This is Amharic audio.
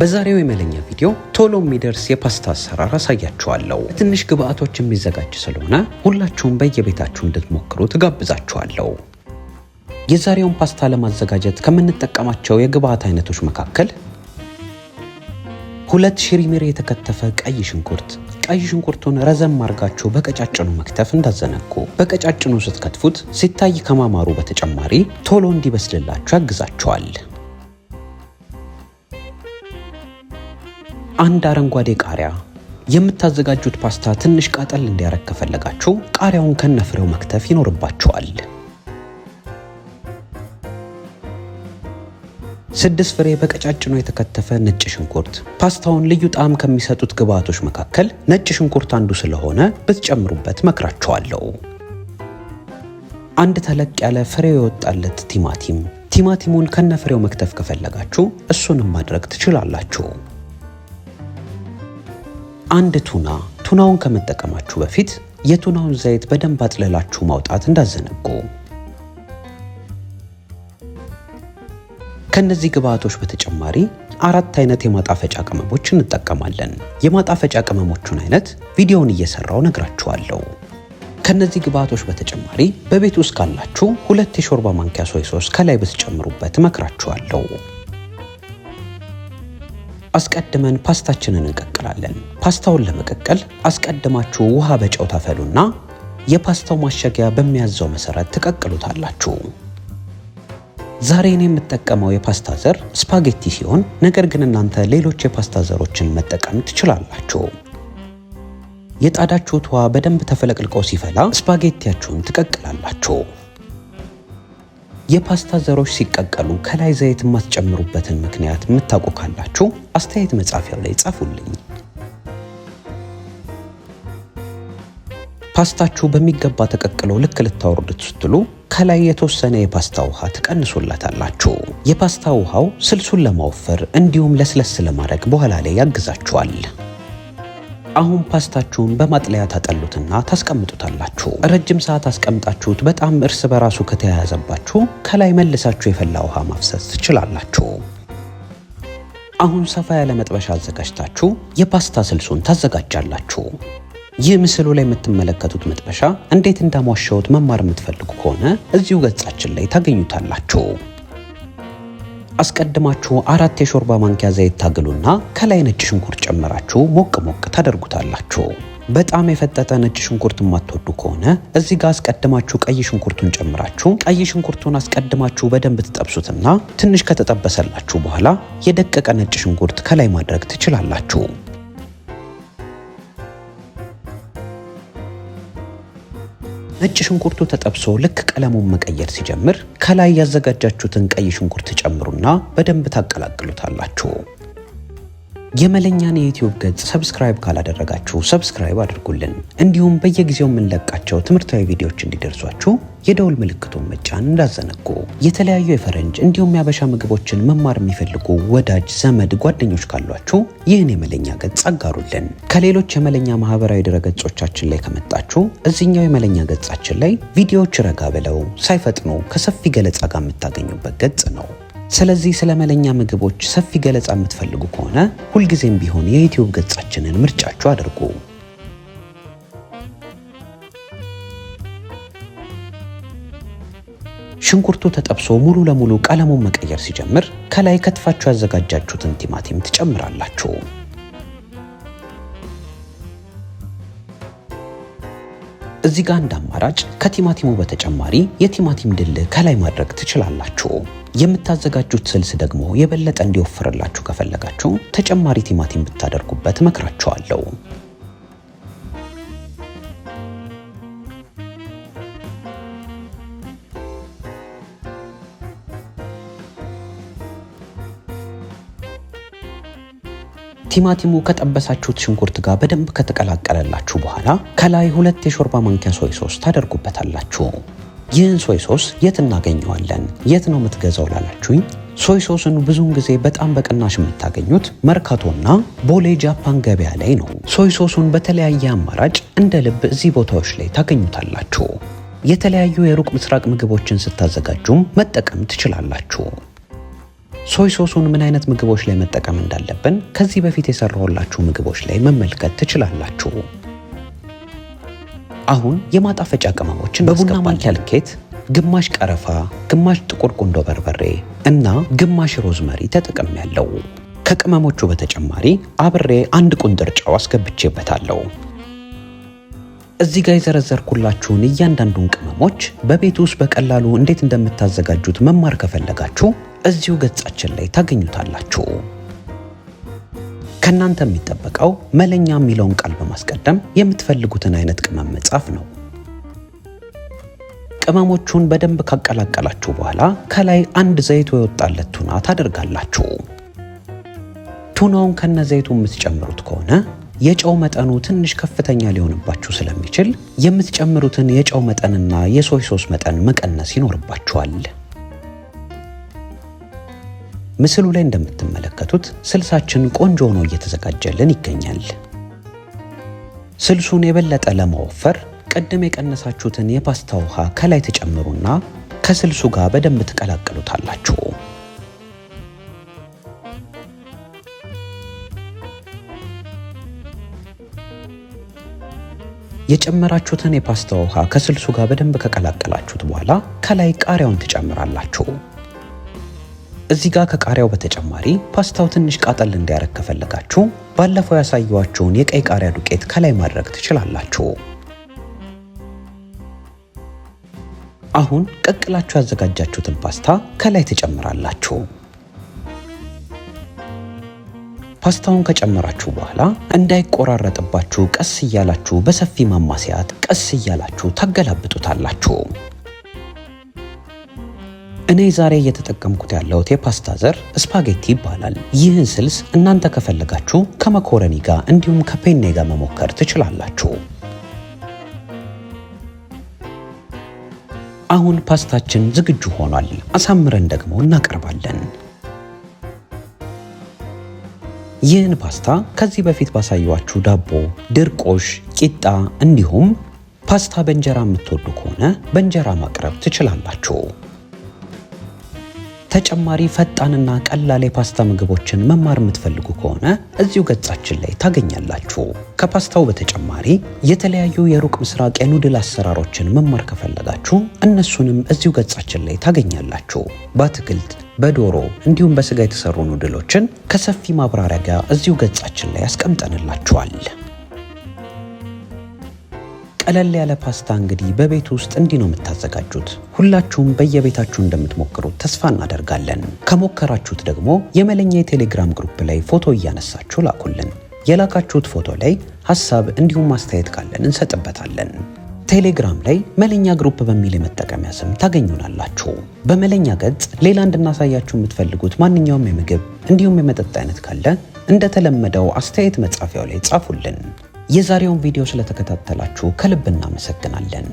በዛሬው የመለኛ ቪዲዮ ቶሎ የሚደርስ የፓስታ አሰራር አሳያችኋለሁ። ትንሽ ግብአቶች የሚዘጋጅ ስለሆነ ሁላችሁም በየቤታችሁ እንድትሞክሩ ትጋብዛችኋለሁ። የዛሬውን ፓስታ ለማዘጋጀት ከምንጠቀማቸው የግብአት አይነቶች መካከል ሁለት ሽሪሚር የተከተፈ ቀይ ሽንኩርት። ቀይ ሽንኩርቱን ረዘም አድርጋችሁ በቀጫጭኑ መክተፍ እንዳዘነጉ። በቀጫጭኑ ስትከትፉት ሲታይ ከማማሩ በተጨማሪ ቶሎ እንዲበስልላችሁ ያግዛችኋል። አንድ አረንጓዴ ቃሪያ የምታዘጋጁት ፓስታ ትንሽ ቃጠል እንዲያረግ ከፈለጋችሁ ቃሪያውን ከነፍሬው መክተፍ ይኖርባችኋል። ስድስት ፍሬ በቀጫጭኖ የተከተፈ ነጭ ሽንኩርት። ፓስታውን ልዩ ጣዕም ከሚሰጡት ግብአቶች መካከል ነጭ ሽንኩርት አንዱ ስለሆነ ብትጨምሩበት መክራችኋለሁ። አንድ ተለቅ ያለ ፍሬው የወጣለት ቲማቲም። ቲማቲሙን ከነፍሬው መክተፍ ከፈለጋችሁ እሱንም ማድረግ ትችላላችሁ። አንድ ቱና ቱናውን ከመጠቀማችሁ በፊት የቱናውን ዘይት በደንብ አጥለላችሁ ማውጣት እንዳዘነጉ። ከነዚህ ግብአቶች በተጨማሪ አራት አይነት የማጣፈጫ ቅመሞች እንጠቀማለን። የማጣፈጫ ቅመሞቹን አይነት ቪዲዮውን እየሰራው ነግራችኋለሁ። ከነዚህ ግብአቶች በተጨማሪ በቤት ውስጥ ካላችሁ ሁለት የሾርባ ማንኪያ ሶይ ሶስ ከላይ ብትጨምሩበት እመክራችኋለሁ። አስቀድመን ፓስታችንን እንቀቅላለን። ፓስታውን ለመቀቀል አስቀድማችሁ ውሃ በጨው ታፈሉና የፓስታው ማሸጊያ በሚያዘው መሰረት ትቀቅሉታላችሁ። ዛሬ እኔ የምጠቀመው የፓስታ ዘር ስፓጌቲ ሲሆን ነገር ግን እናንተ ሌሎች የፓስታ ዘሮችን መጠቀም ትችላላችሁ። የጣዳችሁት ውሃ በደንብ ተፈለቅልቆ ሲፈላ ስፓጌቲያችሁን ትቀቅላላችሁ። የፓስታ ዘሮች ሲቀቀሉ ከላይ ዘይት የማትጨምሩበትን ምክንያት የምታውቁ ካላችሁ አስተያየት መጻፊያው ላይ ጻፉልኝ። ፓስታችሁ በሚገባ ተቀቅሎ ልክ ልታወርዱት ስትሉ ከላይ የተወሰነ የፓስታ ውሃ ትቀንሱላታላችሁ። የፓስታ ውሃው ስልሱን ለማወፈር እንዲሁም ለስለስ ለማድረግ በኋላ ላይ ያግዛችኋል። አሁን ፓስታችሁን በማጥለያ ታጠሉትና ታስቀምጡታላችሁ። ረጅም ሰዓት አስቀምጣችሁት በጣም እርስ በራሱ ከተያያዘባችሁ ከላይ መልሳችሁ የፈላ ውሃ ማፍሰስ ትችላላችሁ። አሁን ሰፋ ያለ መጥበሻ አዘጋጅታችሁ የፓስታ ስልሱን ታዘጋጃላችሁ። ይህ ምስሉ ላይ የምትመለከቱት መጥበሻ እንዴት እንዳሟሸሁት መማር የምትፈልጉ ከሆነ እዚሁ ገጻችን ላይ ታገኙታላችሁ። አስቀድማችሁ አራት የሾርባ ማንኪያ ዘይት ታግሉና ከላይ ነጭ ሽንኩርት ጨምራችሁ ሞቅ ሞቅ ታደርጉታላችሁ። በጣም የፈጠጠ ነጭ ሽንኩርት የማትወዱ ከሆነ እዚህ ጋር አስቀድማችሁ ቀይ ሽንኩርቱን ጨምራችሁ ቀይ ሽንኩርቱን አስቀድማችሁ በደንብ ትጠብሱትና ትንሽ ከተጠበሰላችሁ በኋላ የደቀቀ ነጭ ሽንኩርት ከላይ ማድረግ ትችላላችሁ። ነጭ ሽንኩርቱ ተጠብሶ ልክ ቀለሙን መቀየር ሲጀምር ከላይ ያዘጋጃችሁትን ቀይ ሽንኩርት ጨምሩና በደንብ ታቀላቅሉታላችሁ። የመለኛን የዩቲዩብ ገጽ ሰብስክራይብ ካላደረጋችሁ ሰብስክራይብ አድርጉልን። እንዲሁም በየጊዜው የምንለቃቸው ትምህርታዊ ቪዲዮዎች እንዲደርሷችሁ የደውል ምልክቱን መጫን እንዳዘነጉ። የተለያዩ የፈረንጅ እንዲሁም የአበሻ ምግቦችን መማር የሚፈልጉ ወዳጅ ዘመድ፣ ጓደኞች ካሏችሁ ይህን የመለኛ ገጽ አጋሩልን። ከሌሎች የመለኛ ማህበራዊ ድረገጾቻችን ላይ ከመጣችሁ እዚኛው የመለኛ ገጻችን ላይ ቪዲዮዎች ረጋ ብለው ሳይፈጥኑ ከሰፊ ገለጻ ጋር የምታገኙበት ገጽ ነው። ስለዚህ ስለ መለኛ ምግቦች ሰፊ ገለጻ የምትፈልጉ ከሆነ ሁልጊዜም ቢሆን የዩቲዩብ ገጻችንን ምርጫችሁ አድርጉ። ሽንኩርቱ ተጠብሶ ሙሉ ለሙሉ ቀለሙን መቀየር ሲጀምር ከላይ ከትፋችሁ ያዘጋጃችሁትን ቲማቲም ትጨምራላችሁ። እዚህ ጋር እንደ አማራጭ ከቲማቲሙ በተጨማሪ የቲማቲም ድል ከላይ ማድረግ ትችላላችሁ። የምታዘጋጁት ስልስ ደግሞ የበለጠ እንዲወፍርላችሁ ከፈለጋችሁ ተጨማሪ ቲማቲም ብታደርጉበት እመክራችኋለሁ። ቲማቲሙ ከጠበሳችሁት ሽንኩርት ጋር በደንብ ከተቀላቀለላችሁ በኋላ ከላይ ሁለት የሾርባ ማንኪያ ሶይ ሶስ ታደርጉበታላችሁ። ይህን ሶይ ሶስ የት እናገኘዋለን? የት ነው የምትገዛው ላላችሁኝ ሶይ ሶስን ብዙውን ጊዜ በጣም በቅናሽ የምታገኙት መርካቶና ቦሌ ጃፓን ገበያ ላይ ነው። ሶይ ሶሱን በተለያየ አማራጭ እንደ ልብ እዚህ ቦታዎች ላይ ታገኙታላችሁ። የተለያዩ የሩቅ ምስራቅ ምግቦችን ስታዘጋጁም መጠቀም ትችላላችሁ። ሶይ ሶሱን ምን አይነት ምግቦች ላይ መጠቀም እንዳለብን ከዚህ በፊት የሰራሁላችሁ ምግቦች ላይ መመልከት ትችላላችሁ። አሁን የማጣፈጫ ቅመሞችን በቡና ማንኪያ ልኬት ግማሽ ቀረፋ፣ ግማሽ ጥቁር ቁንዶ በርበሬ እና ግማሽ ሮዝመሪ ተጠቅም ያለው። ከቅመሞቹ በተጨማሪ አብሬ አንድ ቁንጥር ጨው አስገብቼበታለሁ። እዚህ ጋር የዘረዘርኩላችሁን እያንዳንዱን ቅመሞች በቤት ውስጥ በቀላሉ እንዴት እንደምታዘጋጁት መማር ከፈለጋችሁ እዚሁ ገጻችን ላይ ታገኙታላችሁ። ከእናንተ የሚጠበቀው መለኛ የሚለውን ቃል በማስቀደም የምትፈልጉትን አይነት ቅመም መጻፍ ነው። ቅመሞቹን በደንብ ካቀላቀላችሁ በኋላ ከላይ አንድ ዘይቱ የወጣለት ቱና ታደርጋላችሁ። ቱናውን ከነ ዘይቱ የምትጨምሩት ከሆነ የጨው መጠኑ ትንሽ ከፍተኛ ሊሆንባችሁ ስለሚችል የምትጨምሩትን የጨው መጠንና የሶይ ሶስ መጠን መቀነስ ይኖርባችኋል። ምስሉ ላይ እንደምትመለከቱት ስልሳችን ቆንጆ ሆኖ እየተዘጋጀልን ይገኛል። ስልሱን የበለጠ ለማወፈር ቅድም የቀነሳችሁትን የፓስታ ውሃ ከላይ ተጨምሩና ከስልሱ ጋር በደንብ ትቀላቅሉታላችሁ። የጨመራችሁትን የፓስታ ውሃ ከስልሱ ጋር በደንብ ከቀላቀላችሁት በኋላ ከላይ ቃሪያውን ትጨምራላችሁ። እዚህ ጋር ከቃሪያው በተጨማሪ ፓስታው ትንሽ ቃጠል እንዲያረግ ከፈለጋችሁ ባለፈው ያሳየኋችሁን የቀይ ቃሪያ ዱቄት ከላይ ማድረግ ትችላላችሁ። አሁን ቀቅላችሁ ያዘጋጃችሁትን ፓስታ ከላይ ትጨምራላችሁ። ፓስታውን ከጨመራችሁ በኋላ እንዳይቆራረጥባችሁ ቀስ እያላችሁ በሰፊ ማማሰያት ቀስ እያላችሁ ታገላብጡታላችሁ። እኔ ዛሬ እየተጠቀምኩት ያለሁት የፓስታ ዘር ስፓጌቲ ይባላል። ይህን ስልስ እናንተ ከፈለጋችሁ ከመኮረኒ ጋር እንዲሁም ከፔኔ ጋር መሞከር ትችላላችሁ። አሁን ፓስታችን ዝግጁ ሆኗል። አሳምረን ደግሞ እናቀርባለን። ይህን ፓስታ ከዚህ በፊት ባሳየኋችሁ ዳቦ፣ ድርቆሽ፣ ቂጣ እንዲሁም ፓስታ በእንጀራ የምትወዱ ከሆነ በእንጀራ ማቅረብ ትችላላችሁ። ተጨማሪ ፈጣንና ቀላል የፓስታ ምግቦችን መማር የምትፈልጉ ከሆነ እዚሁ ገጻችን ላይ ታገኛላችሁ። ከፓስታው በተጨማሪ የተለያዩ የሩቅ ምስራቅ የኑድል አሰራሮችን መማር ከፈለጋችሁ እነሱንም እዚሁ ገጻችን ላይ ታገኛላችሁ። በአትክልት በዶሮ እንዲሁም በስጋ የተሰሩ ኑድሎችን ከሰፊ ማብራሪያ ጋር እዚሁ ገጻችን ላይ ያስቀምጠንላችኋል። ቀለል ያለ ፓስታ እንግዲህ በቤት ውስጥ እንዲህ ነው የምታዘጋጁት። ሁላችሁም በየቤታችሁ እንደምትሞክሩት ተስፋ እናደርጋለን። ከሞከራችሁት ደግሞ የመለኛ የቴሌግራም ግሩፕ ላይ ፎቶ እያነሳችሁ ላኩልን። የላካችሁት ፎቶ ላይ ሀሳብ እንዲሁም ማስተያየት ካለን እንሰጥበታለን። ቴሌግራም ላይ መለኛ ግሩፕ በሚል የመጠቀሚያ ስም ታገኙናላችሁ። በመለኛ ገጽ ሌላ እንድናሳያችሁ የምትፈልጉት ማንኛውም የምግብ እንዲሁም የመጠጥ አይነት ካለ እንደተለመደው አስተያየት መጻፊያው ላይ ጻፉልን። የዛሬውን ቪዲዮ ስለተከታተላችሁ ከልብ እናመሰግናለን።